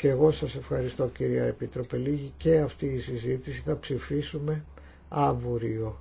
Και εγώ σας ευχαριστώ κυρία Επίτροπε Λίγη και αυτή η συζήτηση θα ψηφίσουμε αύριο.